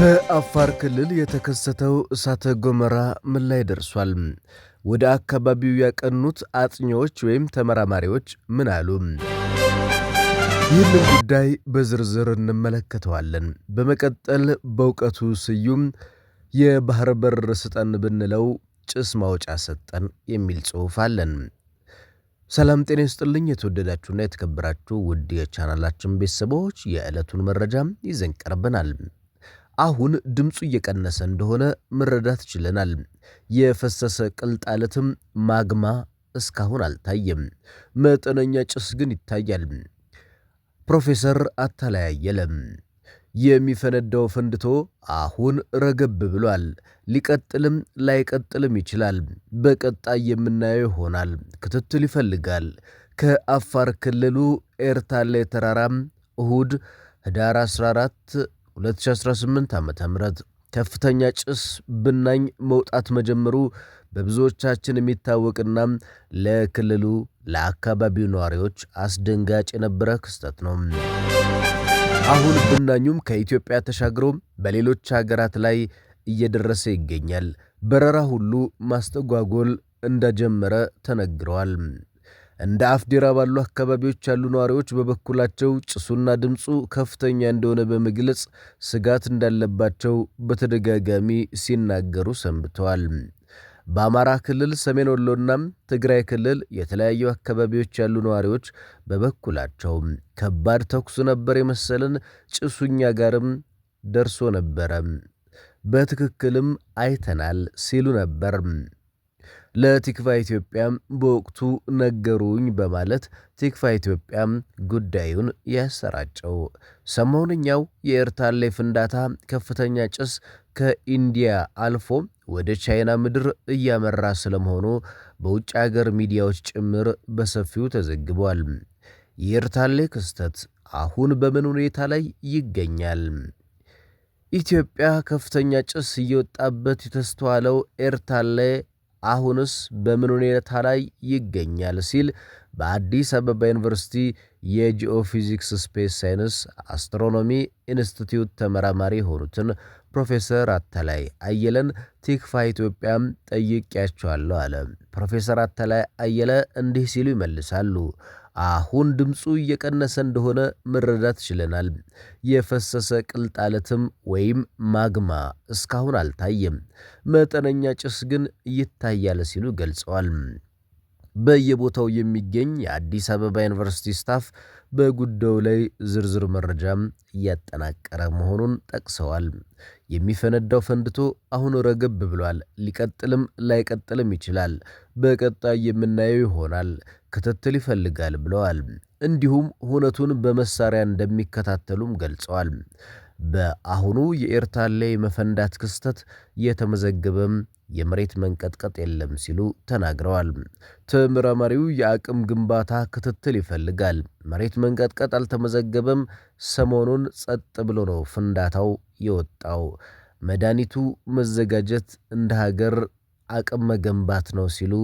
በአፋር ክልል የተከሰተው እሳተ ገሞራ ምን ላይ ደርሷል? ወደ አካባቢው ያቀኑት አጥኚዎች ወይም ተመራማሪዎች ምን አሉ? ይህንን ጉዳይ በዝርዝር እንመለከተዋለን። በመቀጠል በእውቀቱ ስዩም የባህር በር ስጠን ብንለው ጭስ ማውጫ ሰጠን የሚል ጽሑፍ አለን። ሰላም ጤና ይስጥልኝ። የተወደዳችሁና የተከበራችሁ ውድ የቻናላችን ቤተሰቦች የዕለቱን መረጃ ይዘን ቀርበናል። አሁን ድምፁ እየቀነሰ እንደሆነ መረዳት ችለናል። የፈሰሰ ቅልጣለትም ማግማ እስካሁን አልታየም። መጠነኛ ጭስ ግን ይታያል። ፕሮፌሰር አታላያየለም። የሚፈነዳው ፈንድቶ አሁን ረገብ ብሏል። ሊቀጥልም ላይቀጥልም ይችላል። በቀጣይ የምናየው ይሆናል። ክትትል ይፈልጋል። ከአፋር ክልሉ ኤርታሌ ተራራም እሁድ ህዳር 14 2018 ዓ ም ከፍተኛ ጭስ ብናኝ መውጣት መጀመሩ በብዙዎቻችን የሚታወቅና ለክልሉ ለአካባቢው ነዋሪዎች አስደንጋጭ የነበረ ክስተት ነው። አሁን ብናኙም ከኢትዮጵያ ተሻግሮ በሌሎች ሀገራት ላይ እየደረሰ ይገኛል። በረራ ሁሉ ማስተጓጎል እንደጀመረ ተነግረዋል። እንደ አፍዴራ ባሉ አካባቢዎች ያሉ ነዋሪዎች በበኩላቸው ጭሱና ድምፁ ከፍተኛ እንደሆነ በመግለጽ ስጋት እንዳለባቸው በተደጋጋሚ ሲናገሩ ሰንብተዋል። በአማራ ክልል ሰሜን ወሎና ትግራይ ክልል የተለያዩ አካባቢዎች ያሉ ነዋሪዎች በበኩላቸው ከባድ ተኩስ ነበር የመሰለን ጭሱኛ ጋርም ደርሶ ነበረ፣ በትክክልም አይተናል ሲሉ ነበር። ለቲክፋ ኢትዮጵያም በወቅቱ ነገሩኝ በማለት ቲክፋ ኢትዮጵያም ጉዳዩን ያሰራጨው ሰሞንኛው የኤርታሌ ፍንዳታ ከፍተኛ ጭስ ከኢንዲያ አልፎ ወደ ቻይና ምድር እያመራ ስለመሆኑ በውጭ አገር ሚዲያዎች ጭምር በሰፊው ተዘግቧል። የኤርታሌ ክስተት አሁን በምን ሁኔታ ላይ ይገኛል? ኢትዮጵያ ከፍተኛ ጭስ እየወጣበት የተስተዋለው ኤርታሌ አሁንስ በምን ሁኔታ ላይ ይገኛል ሲል በአዲስ አበባ ዩኒቨርሲቲ የጂኦፊዚክስ ስፔስ ሳይንስ አስትሮኖሚ ኢንስቲትዩት ተመራማሪ የሆኑትን ፕሮፌሰር አተላይ አየለን ቲክፋ ኢትዮጵያም ጠይቄያቸዋለሁ አለ። ፕሮፌሰር አተላይ አየለ እንዲህ ሲሉ ይመልሳሉ። አሁን ድምፁ እየቀነሰ እንደሆነ መረዳት ችለናል። የፈሰሰ ቅልጣለትም ወይም ማግማ እስካሁን አልታየም። መጠነኛ ጭስ ግን ይታያል ሲሉ ገልጸዋል። በየቦታው የሚገኝ የአዲስ አበባ ዩኒቨርሲቲ ስታፍ በጉዳዩ ላይ ዝርዝር መረጃም እያጠናቀረ መሆኑን ጠቅሰዋል። የሚፈነዳው ፈንድቶ አሁን ረገብ ብሏል። ሊቀጥልም ላይቀጥልም ይችላል። በቀጣይ የምናየው ይሆናል። ክትትል ይፈልጋል ብለዋል። እንዲሁም ሁነቱን በመሳሪያ እንደሚከታተሉም ገልጸዋል። በአሁኑ የኤርታሌ መፈንዳት ክስተት የተመዘገበም የመሬት መንቀጥቀጥ የለም ሲሉ ተናግረዋል። ተመራማሪው የአቅም ግንባታ ክትትል ይፈልጋል፣ መሬት መንቀጥቀጥ አልተመዘገበም፣ ሰሞኑን ጸጥ ብሎ ነው ፍንዳታው የወጣው፣ መድኃኒቱ መዘጋጀት እንደ ሀገር አቅም መገንባት ነው ሲሉ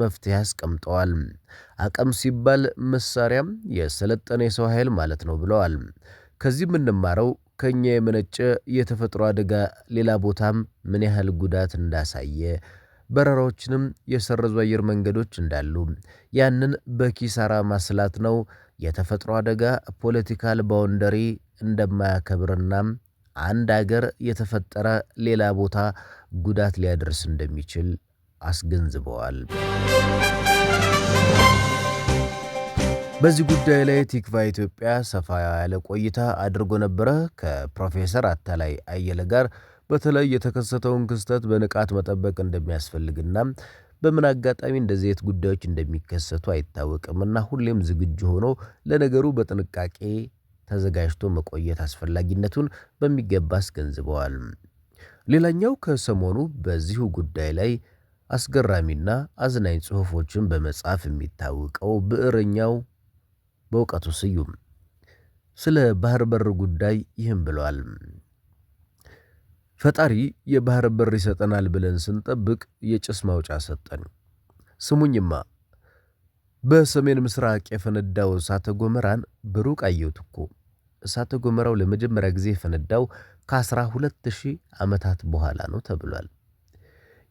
መፍትሄ አስቀምጠዋል። አቅም ሲባል መሳሪያም የሰለጠነ የሰው ኃይል ማለት ነው ብለዋል። ከዚህ የምንማረው ከእኛ የመነጨ የተፈጥሮ አደጋ ሌላ ቦታም ምን ያህል ጉዳት እንዳሳየ በረራዎችንም የሰረዙ አየር መንገዶች እንዳሉ ያንን በኪሳራ ማስላት ነው። የተፈጥሮ አደጋ ፖለቲካል ባውንደሪ እንደማያከብርና አንድ ሀገር የተፈጠረ ሌላ ቦታ ጉዳት ሊያደርስ እንደሚችል አስገንዝበዋል። በዚህ ጉዳይ ላይ ቲክቫ ኢትዮጵያ ሰፋ ያለ ቆይታ አድርጎ ነበረ። ከፕሮፌሰር አታላይ አየለ ጋር በተለይ የተከሰተውን ክስተት በንቃት መጠበቅ እንደሚያስፈልግና በምን አጋጣሚ እንደዚህ አይነት ጉዳዮች እንደሚከሰቱ አይታወቅምና ሁሌም ዝግጁ ሆኖ ለነገሩ በጥንቃቄ ተዘጋጅቶ መቆየት አስፈላጊነቱን በሚገባ አስገንዝበዋል። ሌላኛው ከሰሞኑ በዚሁ ጉዳይ ላይ አስገራሚና አዝናኝ ጽሑፎችን በመጻፍ የሚታወቀው ብዕረኛው በእውቀቱ ስዩም ስለ ባህር በር ጉዳይ ይህን ብለዋል። ፈጣሪ የባህር በር ይሰጠናል ብለን ስንጠብቅ የጭስ ማውጫ ሰጠን። ስሙኝማ በሰሜን ምስራቅ የፈነዳው እሳተ ጎመራን በሩቅ አየሁት እኮ። እሳተ ጎመራው ለመጀመሪያ ጊዜ የፈነዳው ከ ሁለት ሺህ ዓመታት በኋላ ነው ተብሏል።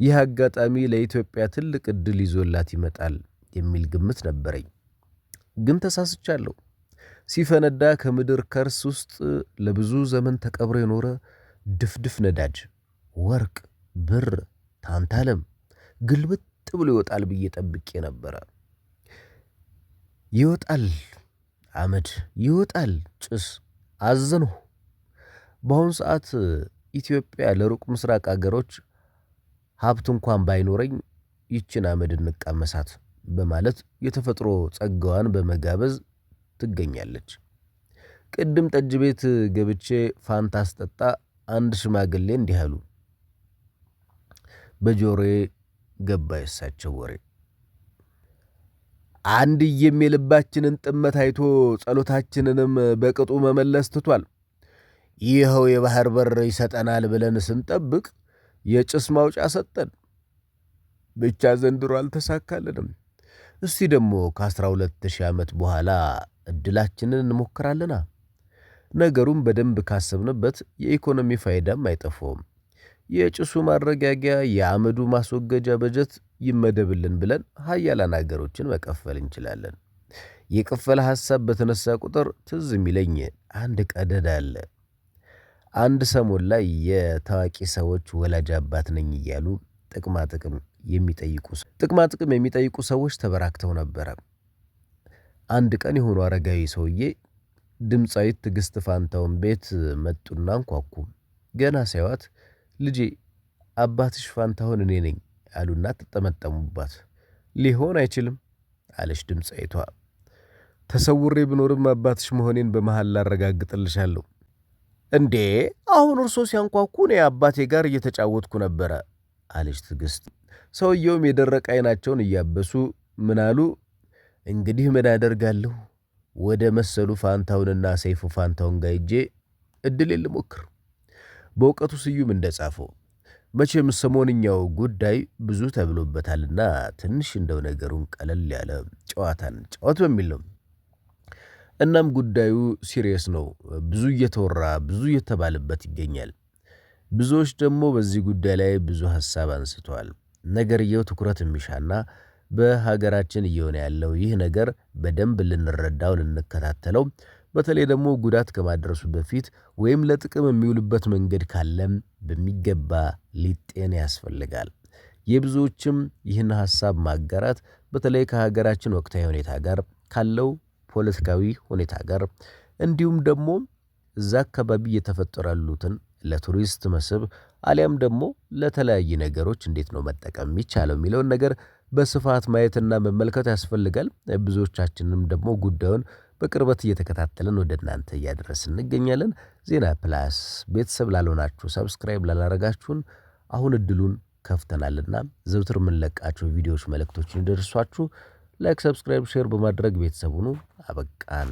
ይህ አጋጣሚ ለኢትዮጵያ ትልቅ እድል ይዞላት ይመጣል የሚል ግምት ነበረኝ። ግን ተሳስቻለሁ። ሲፈነዳ ከምድር ከርስ ውስጥ ለብዙ ዘመን ተቀብሮ የኖረ ድፍድፍ ነዳጅ ወርቅ፣ ብር፣ ታንታለም ግልብጥ ብሎ ይወጣል ብዬ ጠብቄ ነበረ። ይወጣል አመድ፣ ይወጣል ጭስ። አዘንሁ። በአሁኑ ሰዓት ኢትዮጵያ ለሩቅ ምስራቅ አገሮች ሀብት እንኳን ባይኖረኝ ይችን አመድ እንቃመሳት በማለት የተፈጥሮ ጸጋዋን በመጋበዝ ትገኛለች። ቅድም ጠጅ ቤት ገብቼ ፋንታ ስጠጣ አንድ ሽማግሌ እንዲህ አሉ። በጆሮዬ ገባ የሳቸው ወሬ። አንድ የልባችንን ጥመት አይቶ ጸሎታችንንም በቅጡ መመለስ ትቷል። ይኸው የባህር በር ይሰጠናል ብለን ስንጠብቅ የጭስ ማውጫ ሰጠን። ብቻ ዘንድሮ አልተሳካልንም። እስቲ ደግሞ ከአስራ ሁለት ሺህ ዓመት በኋላ እድላችንን እንሞክራለና። ነገሩን በደንብ ካሰብንበት የኢኮኖሚ ፋይዳም አይጠፋውም። የጭሱ ማረጋጊያ የአመዱ ማስወገጃ በጀት ይመደብልን ብለን ሀያላን አገሮችን መቀፈል እንችላለን። የቅፈላ ሐሳብ በተነሳ ቁጥር ትዝ የሚለኝ አንድ ቀደዳ አለ አንድ ሰሞን ላይ የታዋቂ ሰዎች ወላጅ አባት ነኝ እያሉ ጥቅማ ጥቅም የሚጠይቁ ጥቅማ ጥቅም የሚጠይቁ ሰዎች ተበራክተው ነበረ። አንድ ቀን የሆኑ አረጋዊ ሰውዬ ድምፃዊት ትዕግስት ፋንታውን ቤት መጡና አንኳኩ። ገና ሳይዋት ልጄ አባትሽ ፋንታሁን እኔ ነኝ አሉና ተጠመጠሙባት። ሊሆን አይችልም አለች ድምፃዊቷ። ተሰውሬ ብኖርም አባትሽ መሆኔን በመሃል ላረጋግጥልሻለሁ እንዴ አሁን እርሶ ሲያንኳኩ እኔ አባቴ ጋር እየተጫወትኩ ነበረ አለች ትግስት። ሰውየውም የደረቀ አይናቸውን እያበሱ ምናሉ! እንግዲህ ምን አደርጋለሁ ወደ መሰሉ ፋንታውንና ሰይፉ ፋንታውን ጋር ሄጄ እድሌ ልሞክር። በእውቀቱ ስዩም እንደጻፈው መቼም ሰሞንኛው ጉዳይ ብዙ ተብሎበታልና ትንሽ እንደው ነገሩን ቀለል ያለ ጨዋታን ጨዋት በሚል ነው። እናም ጉዳዩ ሲሪየስ ነው። ብዙ እየተወራ ብዙ እየተባለበት ይገኛል። ብዙዎች ደግሞ በዚህ ጉዳይ ላይ ብዙ ሀሳብ አንስተዋል። ነገርየው ትኩረት የሚሻና በሀገራችን እየሆነ ያለው ይህ ነገር በደንብ ልንረዳው ልንከታተለው፣ በተለይ ደግሞ ጉዳት ከማድረሱ በፊት ወይም ለጥቅም የሚውልበት መንገድ ካለም በሚገባ ሊጤን ያስፈልጋል። የብዙዎችም ይህን ሀሳብ ማጋራት በተለይ ከሀገራችን ወቅታዊ ሁኔታ ጋር ካለው ፖለቲካዊ ሁኔታ ጋር እንዲሁም ደግሞ እዛ አካባቢ እየተፈጠሩ ያሉትን ለቱሪስት መስህብ አሊያም ደግሞ ለተለያዩ ነገሮች እንዴት ነው መጠቀም የሚቻለው የሚለውን ነገር በስፋት ማየትና መመልከት ያስፈልጋል። ብዙዎቻችንም ደግሞ ጉዳዩን በቅርበት እየተከታተልን ወደ እናንተ እያደረስ እንገኛለን። ዜና ፕላስ ቤተሰብ ላልሆናችሁ ሰብስክራይብ ላላረጋችሁን አሁን እድሉን ከፍተናልና ዘውትር የምንለቃቸው ቪዲዮዎች መልእክቶችን ይደርሷችሁ ላይክ፣ ሰብስክራይብ፣ ሼር በማድረግ ቤተሰቡኑ አበቃን።